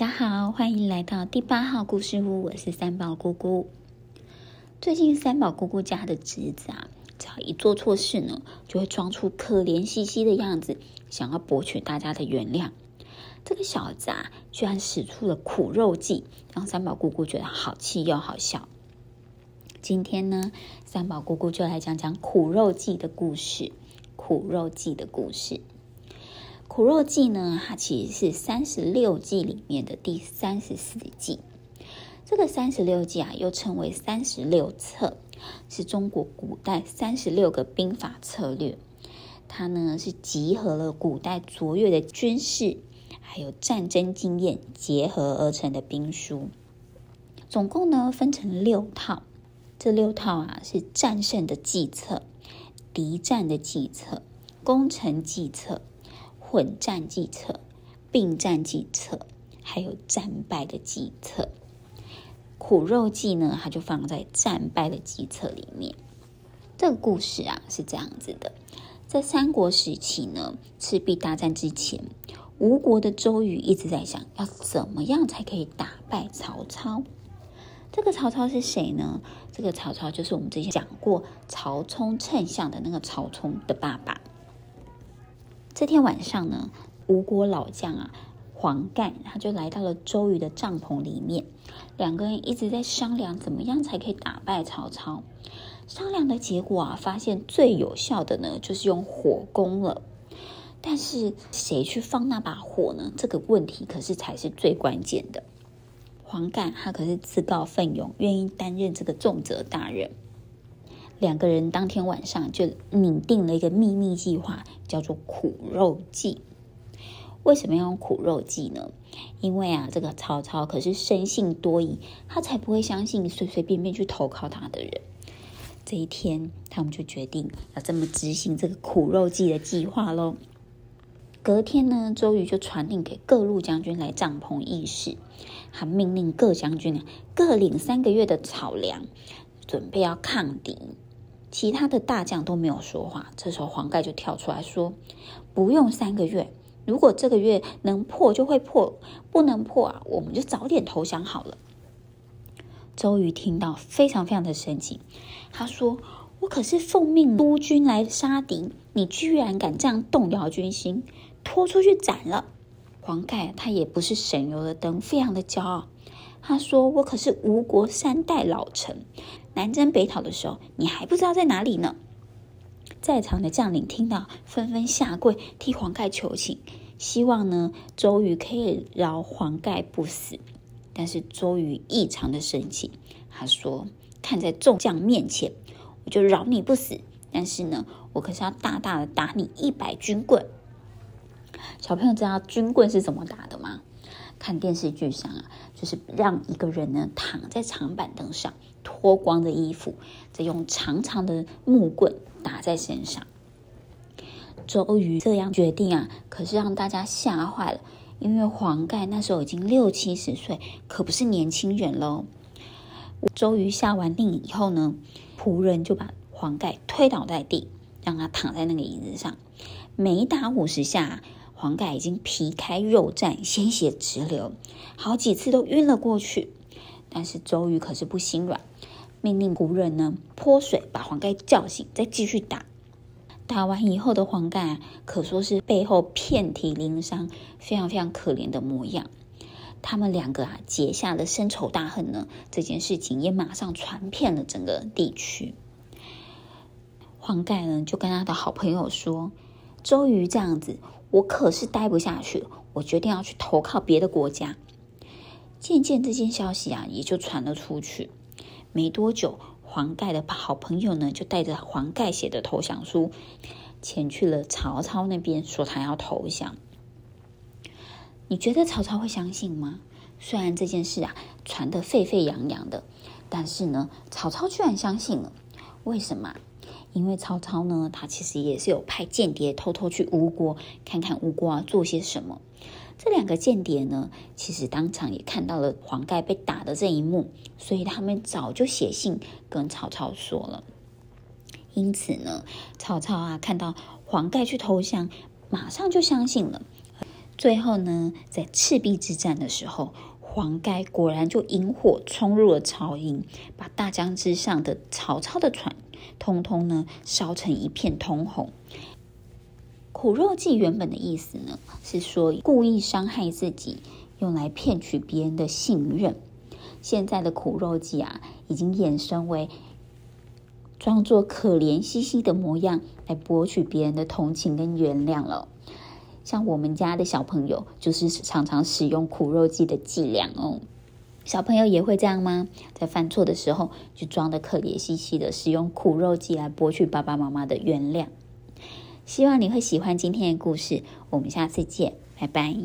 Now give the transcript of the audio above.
大家好，歡迎來到第八號故事屋。我是三寶姑姑。最近三寶姑姑家的侄子啊，只要一做錯事呢，就會裝出可憐兮兮的樣子，想要博取大家的原諒。這個小子啊，居然使出了苦肉計，讓三寶姑姑覺得好氣又好笑。今天呢，三寶姑姑就來講講苦肉計的故事。苦肉計的故事。苦肉計呢，它其實是三十六計裡面的第三十四計。這個三十六計啊，又稱為三十六策，是中國古代三十六個兵法策略。它呢，是集合了古代卓越的軍事還有戰爭經驗結合而成的兵書。總共呢，分成六套，這六套啊，是戰勝的計策、敵戰的計策、攻城計策、混戰計策、併戰計策，還有戰敗的計策，苦肉計呢，它就放在戰敗的計策裡面。這個故事啊是這樣子的，在三國時期呢，赤壁大戰之前，吳國的周瑜一直在想要怎麼樣才可以打敗曹操。這個曹操是誰呢？這個曹操就是我們之前講過曹沖稱象的那個曹沖的爸爸。這天晚上呢，吳國老將啊黃蓋，他就來到了周瑜的帳篷裡面，兩個人一直在商量怎麼樣才可以打敗曹操。商量的結果啊，發現最有效的呢就是用火攻了。但是誰去放那把火呢？這個問題可是才是最關鍵的。黃蓋他可是自告奮勇，願意擔任這個重責大任。兩個人當天晚上就擬定了一個秘密計劃，叫做“苦肉計”。為什麼要用苦肉計呢？因為啊，這個曹操可是生性多疑，他才不會相信隨隨便便去投靠他的人。這一天，他們就決定要這麼執行這個苦肉計的計劃咯，隔天呢，周瑜就傳令給各路將軍來帳篷議事，還命令各將軍各領三個月的草糧，準備要抗敵。其他的大將都沒有說話，這時候黃蓋就跳出來說：“不用三個月，如果這個月能破，就會破；不能破啊，我們就早點投降好了。”周瑜聽到非常非常的生氣，他說：“我可是奉命督軍來殺敵，你居然敢這樣動搖軍心，拖出去斬了！”黃蓋他也不是省油的燈，非常的驕傲。他說：“我可是吳國三代老臣，南征北討的時候，你還不知道在哪裡呢。”在場的將領聽到，紛紛下跪替黃蓋求情，希望呢周瑜可以饒黃蓋不死。但是周瑜異常的生氣，他說：“看在眾將面前，我就饒你不死，但是呢，我可是要大大的打你一百軍棍。”小朋友知道軍棍是怎麼打的嗎？看電視劇上啊，就是讓一個人呢躺在長板凳上，脫光的衣服，再用長長的木棍打在身上。周瑜這樣決定啊，可是讓大家嚇壞了，因為黃蓋那時候已經六七十歲，可不是年輕人嘍。周瑜下完令以後呢，僕人就把黃蓋推倒在地，讓他躺在那個椅子上，每打五十下啊。黃蓋已經皮開肉綻，鮮血直流，好幾次都暈了過去。但是周瑜可是不心軟，命令古人呢潑水把黃蓋叫醒，再繼續打。打完以後的黃蓋、啊、可說是背後遍體鱗傷，非常非常可憐的模樣。他們兩個啊結下了深仇大恨呢，這件事情也馬上傳遍了整個地區。黃蓋呢就跟他的好朋友說：“周瑜這樣子。”我可是待不下去了，我決定要去投靠別的國家。漸漸，這件消息啊也就傳了出去。沒多久，黃蓋的好朋友呢就帶着黃蓋寫的投降書，前去了曹操那邊，說他要投降。你覺得曹操會相信嗎？雖然這件事啊傳得沸沸揚揚的，但是呢，曹操居然相信了。為什麼？因為曹操呢，他其實也是有派間諜偷偷去吳國，看看吳國啊做些什麼。這兩個間諜呢，其實當場也看到了黃蓋被打的這一幕，所以他們早就寫信跟曹操說了。因此呢，曹操啊看到黃蓋去投降，馬上就相信了。最後呢，在赤壁之戰的時候，黃蓋果然就引火衝入了曹營，把大江之上的曹操的船。通通呢，燒成一片通紅。苦肉計原本的意思呢，是說故意傷害自己，用來騙取別人的信任。現在的苦肉計啊，已經衍生為裝作可憐兮兮的模樣，來博取別人的同情跟原諒了。像我們家的小朋友，就是常常使用苦肉計的伎倆哦。小朋友也會這樣嗎？在犯錯的時候，就裝得可憐兮兮的，使用苦肉計來博取爸爸媽媽的原諒。希望你會喜歡今天的故事，我們下次見，拜拜。